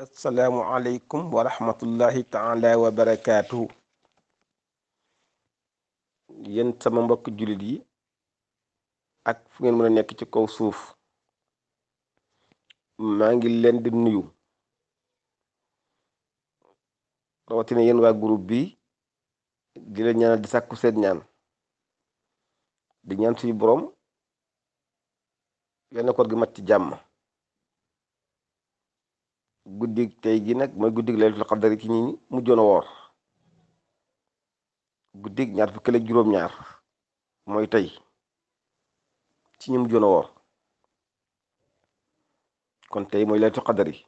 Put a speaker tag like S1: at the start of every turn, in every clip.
S1: Assalamualaikum warahmatullahi warahmatullahi taala wa barakatuh. Yen sama mbok julit yi ak fu ngeen meuna nek ci kaw suuf Ma ngi len di nuyu ne yen wa groupe bi di la ñaanal di sakku seen ñaan di ñaan suñu borom. Yen ko gi mat ci jamm. guddig tey gi nag mooy guddig laylatul qadar ci nit ñi mujjoon a woor guddig ñaar fukki ak juróom-ñaar mooy tey ci ñi mujjoon a woor kon tey mooy laylatul qadar yi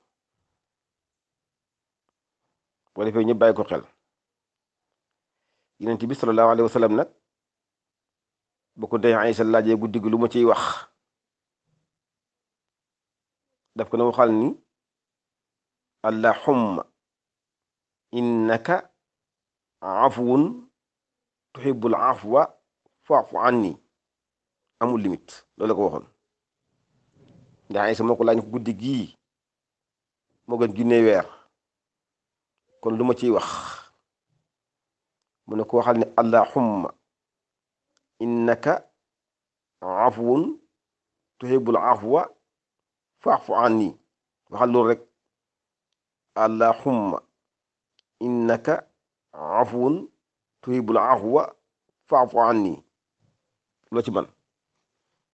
S1: boo defee ñu bàyyi ko xel yonent bi sallallahu alayhi wa sallam nag bu ko dee Aysa laajee guddig lu ma ciy wax daf ko na waxal ni allahumma innaka afuwun tuhibbul afwa faafu anni amul limite loolu la ko waxoon ndax Iisa moo ko laaj ko guddi gii moo gën junne weer kon lu ma ciy wax mu ne ko waxal ne allahumma innaka afuwun tuhibbul afwa faafu anni waxal loolu rek اللهم إنك عفو تهيب العفو فاعف عني لا تبان